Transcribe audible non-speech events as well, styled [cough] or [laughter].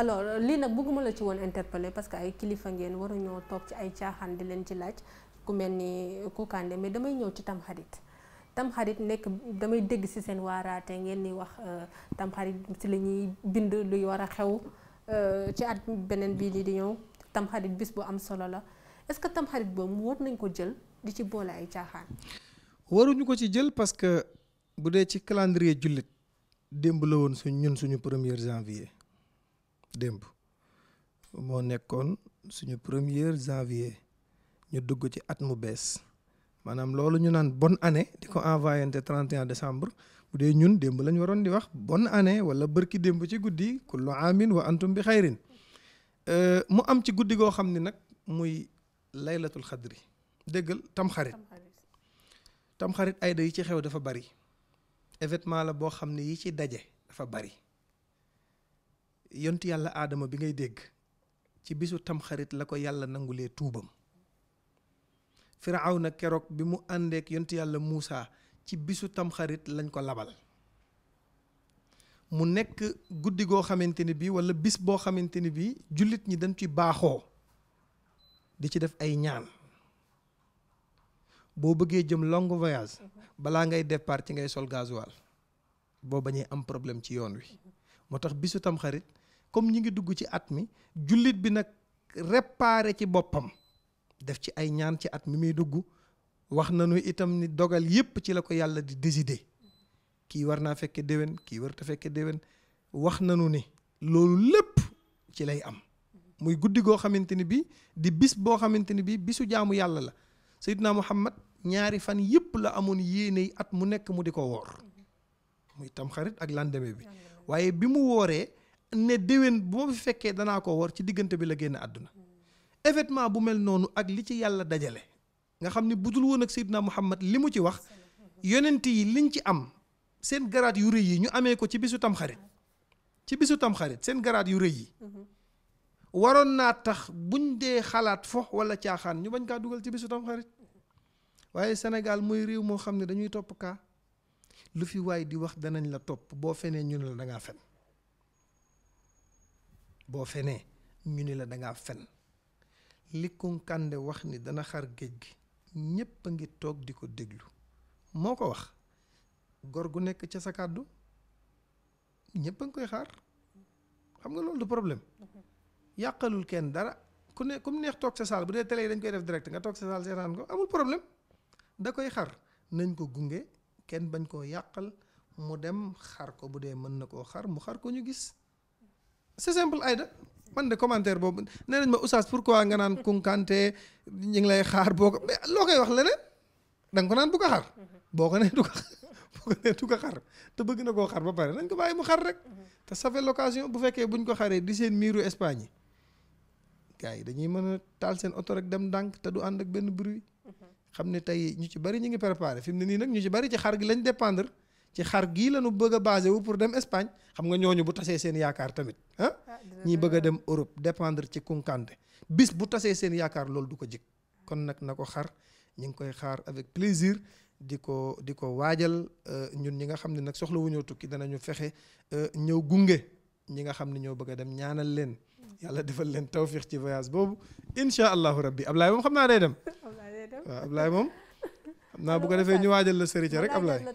alors euh, lii nag bëgguma la ci woon interpeller parce que ay kilifa ngeen waruñoo toog ci ay caaxaan di leen ci laaj ku mel ni euh, Kounkandé mais damay ñëw ci tamxarit tamxarit nekk damay dégg ci seen waaraate ngeen ni wax euh, tamxarit ci la ñuy bind luy war a xew ci at beneen bii nii di ñëw tamxarit bis bu am solo la est-ce que tamxarit boobu war nañ ko jël di ci boole ay caaxaan. waruñu ko ci jël parce que bu dee ci calendrier jullit démb la woon suñ ñun suñu premier janvier. démb moo nekkoon suñu premier janvier ñu dugg ci at mu bees maanaam loolu ñu naan bon année di ko envoyé te 31 décembre bu dee ñun démb lañu waroon di wax bonne année wala bërki démb ci guddi kullu amin wa antum bi xayrin euh, mu am ci guddi goo xam ni nag muy laylatul xadri déggal tamxarit tamxarit ay da yi ci xew dafa bari évétement la boo xam ne yi ci daje dafa bari yontu yàlla aadama bi ngay dégg ci bisu tamxarit la ko yàlla nangulee tuubam na keroog bi mu àndeek yontu yàlla Muusa ci bisu tamxarit lañ ko labal mu nekk guddi goo xamante ni bii walla bis boo xamante ni bii jullit ñi dañ ci baaxoo di ci def ay ñaan boo bëggee jëm long voyage balaa ngay départ ci ngay sol gasoil boo bañee am problème ci yoon wi moo tax bisu tamxarit comme ñi ngi dugg ci at mi jullit bi nag repaare ci boppam def ci ay ñaan ci at mi muy dugg wax nañu itam ni dogal yépp ci la ko yàlla di décider kii war naa fekke déwén kii war ta fekke déwén wax nañu ni loolu lépp ci lay am muy guddi goo xamante ni bi di bis boo xamante ni bi bisu jaamu yàlla la Seydina Muhammad ñaari fan yépp la amoon yéene at mu nekk mu di ko woor muy tamxarit ak lendemain bi waaye bi mu wooree ne déwén bu ma fi fekkee danaa ko war ci diggante bi la génn àdduna événement bu mel noonu ak li ci yàlla dajale nga xam ne dul woon ak Seydina Muhammad li mu ci wax yonent yi liñ ci am seen garaat yu rëy yi ñu amee ko ci bisu tamxarit ci bisu tamxarit seen garaat yu rëy yi waroon naa tax buñ dee xalaat fo wala caaxaan ñu bañ kaa dugal ci bisu tamxarit waaye Sénégal mooy réew moo xam ne dañuy topp kaa lu fi waay di wax danañ la topp boo fenee ñu ne la da ngaa boo fenee ñu ni la dangaa fen li Kunkande wax ni dana xar géej gi ñépp a ngi toog di ko déglu moo ko wax gor gu nekk ca sa kàddu ñépp a ngi koy xar xam nga loolu du problème yàqalul kenn dara ku ne comme neex toog sa saal bu dee télé yi dañ koy def direct nga toog sa saal seetaan ko amul problème da koy xar nañ ko gunge kenn bañ koo yàqal mu dem xar ko bu dee mën na koo xar mu xar ko ñu gis c'est simple Aïda man de commentaire boobu nee nañ ma pour pourquoi nga naan kunkante ñu ngi lay xaar boo ko mais loo koy wax leneen da ko naan bu ko xar boo ko nee du ko xar [laughs] te bëgg na koo xar ba pare nañ ko bàyyi mu xar rek te ça fait bu fekkee buñ ko xaree di seen miiru Espagne yi gars yi dañuy mën a taal seen oto rek dem ndànk te du ànd ak benn bruit xam ne tey ñu ci bari ñu ngi préparé fi mu ne nii nag ñu ci bari ci xar gi lañ dépendre ci xar gii la ñu bëgg a basé wu pour dem Espagne xam nga ñooñu bu tasee seen yaakaar tamit ah, ah ñii bëgg a dem Europe dépendre ci kunkande bis bu tasee seen yaakaar loolu du ko jig kon nag na ko xar ñu ngi koy xaar avec plaisir di ko di ko waajal euh, ñun ñi nga xam ne nag soxlawuñoo wu ñoo tukki danañu fexe euh, ñëw gunge ñi nga xam ni ñoo bëgg a dem ñaanal leen yàlla defal leen tawfiix ci voyage boobu incha allahu rabbi Ablaye moom xam naa day dem [laughs] waaw Ablaye moom xam naa bu ko defee ñu waajal la sëriñ rek Ablaye